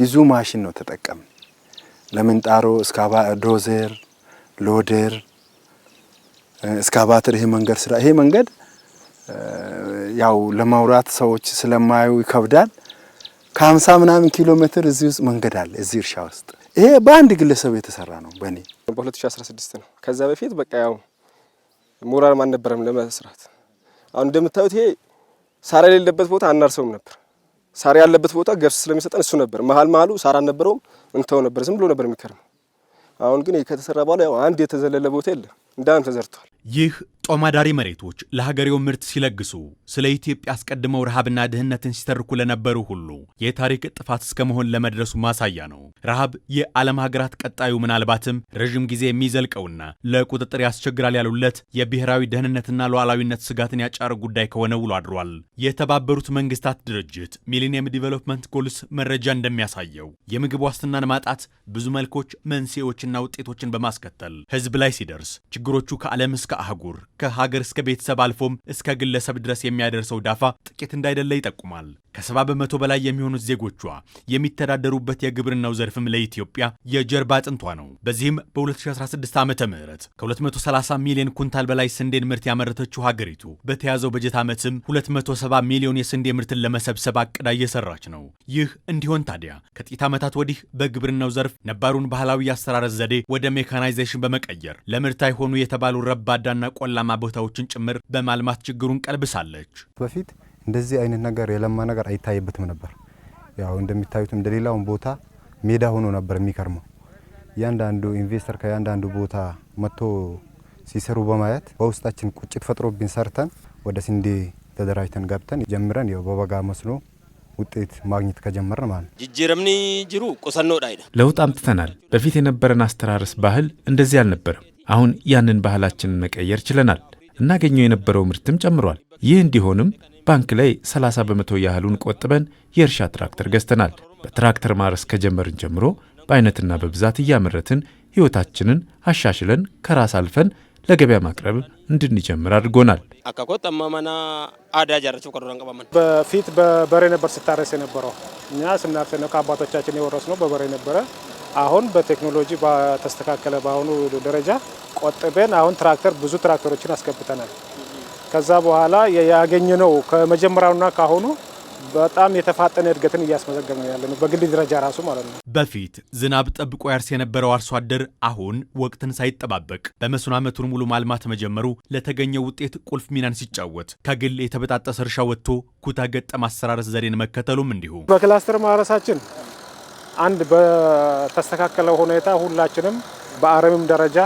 ብዙ ማሽን ነው ተጠቀም ለምንጣሮ እስካባ ዶዘር፣ ሎደር፣ እስካባተር። ይሄ መንገድ ስራ ይሄ መንገድ ያው ለማውራት ሰዎች ስለማዩ ይከብዳል። ከሀምሳ ምናምን ኪሎ ሜትር እዚህ ውስጥ መንገድ አለ እዚህ እርሻ ውስጥ። ይሄ በአንድ ግለሰብ የተሰራ ነው በእኔ በ2016 ነው። ከዛ በፊት በቃ ያው ሞራልም አልነበረም ለመስራት። አሁን እንደምታዩት ይሄ ሳር የሌለበት ቦታ አናርሰውም ነበር። ሳር ያለበት ቦታ ገብስ ስለሚሰጠን እሱ ነበር። መሀል መሀሉ ሳር አልነበረውም፣ እንተው ነበር፣ ዝም ብሎ ነበር የሚከርም። አሁን ግን ከተሰራ በኋላ ያው አንድ የተዘለለ ቦታ የለም፣ እንዳን ተዘርቷል። ይህ ጦማዳሪ መሬቶች ለሀገሬው ምርት ሲለግሱ ስለ ኢትዮጵያ አስቀድመው ረሃብና ድህነትን ሲተርኩ ለነበሩ ሁሉ የታሪክ ጥፋት እስከ መሆን ለመድረሱ ማሳያ ነው። ረሃብ የዓለም ሀገራት ቀጣዩ ምናልባትም ረዥም ጊዜ የሚዘልቀውና ለቁጥጥር ያስቸግራል ያሉለት የብሔራዊ ደህንነትና ሉዓላዊነት ስጋትን ያጫረ ጉዳይ ከሆነ ውሎ አድሯል። የተባበሩት መንግስታት ድርጅት ሚሊኒየም ዲቨሎፕመንት ጎልስ መረጃ እንደሚያሳየው የምግብ ዋስትናን ማጣት ብዙ መልኮች፣ መንስኤዎችና ውጤቶችን በማስከተል ህዝብ ላይ ሲደርስ ችግሮቹ ከዓለም እስከ አህጉር ከሀገር እስከ ቤተሰብ አልፎም እስከ ግለሰብ ድረስ የሚያደርሰው ዳፋ ጥቂት እንዳይደለ ይጠቁማል። ከሰባ በመቶ በላይ የሚሆኑት ዜጎቿ የሚተዳደሩበት የግብርናው ዘርፍም ለኢትዮጵያ የጀርባ አጥንቷ ነው። በዚህም በ2016 ዓ ም ከ230 ሚሊዮን ኩንታል በላይ ስንዴን ምርት ያመረተችው ሀገሪቱ በተያዘው በጀት ዓመትም 270 ሚሊዮን የስንዴ ምርትን ለመሰብሰብ አቅዳ እየሰራች ነው። ይህ እንዲሆን ታዲያ ከጥቂት ዓመታት ወዲህ በግብርናው ዘርፍ ነባሩን ባህላዊ የአስተራረስ ዘዴ ወደ ሜካናይዜሽን በመቀየር ለምርት አይሆኑ የተባሉ ረባድ ጎድጓዳና ቆላማ ቦታዎችን ጭምር በማልማት ችግሩን ቀልብሳለች። በፊት እንደዚህ አይነት ነገር የለማ ነገር አይታይበትም ነበር። ያው እንደሚታዩት እንደሌላውን ቦታ ሜዳ ሆኖ ነበር የሚከርመው። እያንዳንዱ ኢንቨስተር ከእያንዳንዱ ቦታ መጥቶ ሲሰሩ በማየት በውስጣችን ቁጭት ፈጥሮብን ሰርተን ወደ ስንዴ ተደራጅተን ገብተን ጀምረን ያው በበጋ መስኖ ውጤት ማግኘት ከጀመርን ማለት ነው። ጅጅረምኒ ጅሩ ቆሰኖ ዳይ ለውጥ አምጥተናል። በፊት የነበረን አስተራረስ ባህል እንደዚህ አልነበረም። አሁን ያንን ባህላችንን መቀየር ችለናል። እናገኘው የነበረው ምርትም ጨምሯል። ይህ እንዲሆንም ባንክ ላይ 30 በመቶ ያህሉን ቆጥበን የእርሻ ትራክተር ገዝተናል። በትራክተር ማረስ ከጀመርን ጀምሮ በአይነትና በብዛት እያመረትን ሕይወታችንን አሻሽለን ከራስ አልፈን ለገበያ ማቅረብ እንድንጀምር አድርጎናል። በፊት በበሬ ነበር ስታረስ የነበረው። እኛ ስናርስ ነው ከአባቶቻችን የወረስ ነው በበሬ ነበረ አሁን በቴክኖሎጂ በተስተካከለ በአሁኑ ደረጃ ቆጥበን አሁን ትራክተር ብዙ ትራክተሮችን አስገብተናል። ከዛ በኋላ ያገኘነው ከመጀመሪያውና ካሁኑ በጣም የተፋጠነ እድገትን እያስመዘገብን ያለ ነው፣ በግል ደረጃ ራሱ ማለት ነው። በፊት ዝናብ ጠብቆ ያርስ የነበረው አርሶ አደር አሁን ወቅትን ሳይጠባበቅ በመስኖ ዓመቱን ሙሉ ማልማት መጀመሩ ለተገኘው ውጤት ቁልፍ ሚናን ሲጫወት ከግል የተበጣጠሰ እርሻ ወጥቶ ኩታ ገጠም አሰራረስ ዘዴን መከተሉም እንዲሁ በክላስተር ማረሳችን አንድ በተስተካከለ ሁኔታ ሁላችንም በአረምም ደረጃ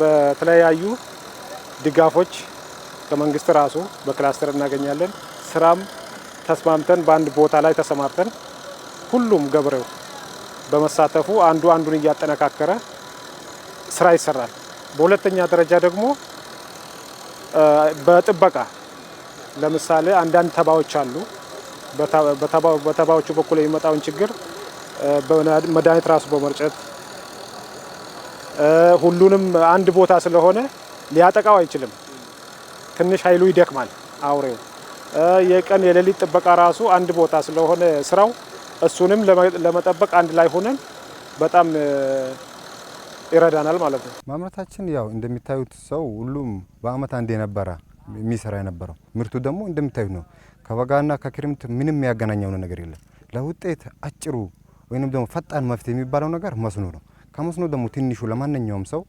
በተለያዩ ድጋፎች ከመንግስት ራሱ በክላስተር እናገኛለን። ስራም ተስማምተን በአንድ ቦታ ላይ ተሰማርተን ሁሉም ገበሬው በመሳተፉ አንዱ አንዱን እያጠነካከረ ስራ ይሰራል። በሁለተኛ ደረጃ ደግሞ በጥበቃ ለምሳሌ አንዳንድ ተባዎች አሉ። በተባዎቹ በኩል የሚመጣውን ችግር መድኃኒት ራሱ በመርጨት ሁሉንም አንድ ቦታ ስለሆነ ሊያጠቃው አይችልም። ትንሽ ኃይሉ ይደክማል አውሬው። የቀን የሌሊት ጥበቃ ራሱ አንድ ቦታ ስለሆነ ስራው እሱንም ለመጠበቅ አንድ ላይ ሆነን በጣም ይረዳናል ማለት ነው። ማምረታችን ያው እንደሚታዩት ሰው ሁሉም በአመት አንድ የነበረ የሚሰራ የነበረው ምርቱ ደግሞ እንደሚታዩት ነው። ከበጋና ከክርምት ምንም ያገናኘው ነገር የለም። ለውጤት አጭሩ ወይንም ደግሞ ፈጣን መፍትሄ የሚባለው ነገር መስኖ ነው። ከመስኖ ደግሞ ትንሹ ለማንኛውም ሰው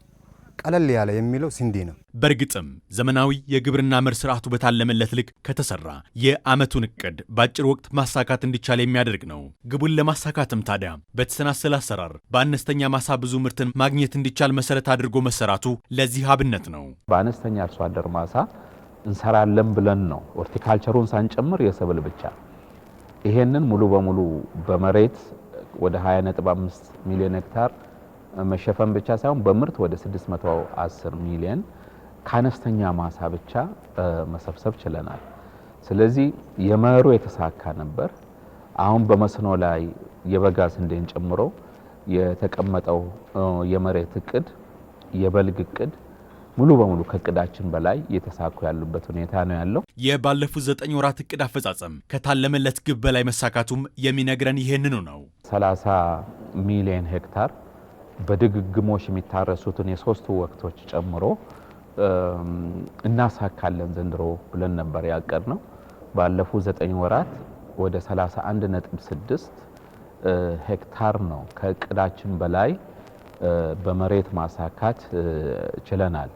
ቀለል ያለ የሚለው ስንዴ ነው። በእርግጥም ዘመናዊ የግብርና ምርት ስርዓቱ በታለመለት ልክ ከተሰራ የአመቱን እቅድ በአጭር ወቅት ማሳካት እንዲቻል የሚያደርግ ነው። ግቡን ለማሳካትም ታዲያ በተሰናሰለ አሰራር በአነስተኛ ማሳ ብዙ ምርትን ማግኘት እንዲቻል መሰረት አድርጎ መሰራቱ ለዚህ አብነት ነው። በአነስተኛ አርሶ አደር ማሳ እንሰራለን ብለን ነው ሆርቲካልቸሩን ሳንጨምር የሰብል ብቻ። ይሄንን ሙሉ በሙሉ በመሬት ወደ 25 ሚሊዮን ሄክታር መሸፈን ብቻ ሳይሆን በምርት ወደ 610 ሚሊዮን ከአነስተኛ ማሳ ብቻ መሰብሰብ ችለናል። ስለዚህ የመኸሩ የተሳካ ነበር። አሁን በመስኖ ላይ የበጋ ስንዴን ጨምሮ የተቀመጠው የመሬት እቅድ የበልግ እቅድ ሙሉ በሙሉ ከእቅዳችን በላይ እየተሳኩ ያሉበት ሁኔታ ነው ያለው። የባለፉት ዘጠኝ ወራት እቅድ አፈጻጸም ከታለመለት ግብ በላይ መሳካቱም የሚነግረን ይህንኑ ነው። 30 ሚሊዮን ሄክታር በድግግሞሽ የሚታረሱትን የሶስቱ ወቅቶች ጨምሮ እናሳካለን ዘንድሮ ብለን ነበር ያቀድ ነው። ባለፉት ዘጠኝ ወራት ወደ 31.6 ሄክታር ነው ከእቅዳችን በላይ በመሬት ማሳካት ችለናል።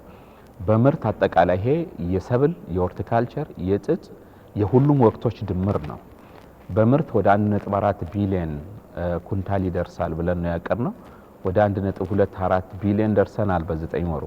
በምርት አጠቃላይ ይሄ የሰብል የሆርቲካልቸር የጥጥ የሁሉም ወቅቶች ድምር ነው። በምርት ወደ 1.4 ቢሊዮን ኩንታል ይደርሳል ብለን ነው ያቀድነው። ወደ 1.24 ቢሊዮን ደርሰናል በዘጠኝ ወሩ።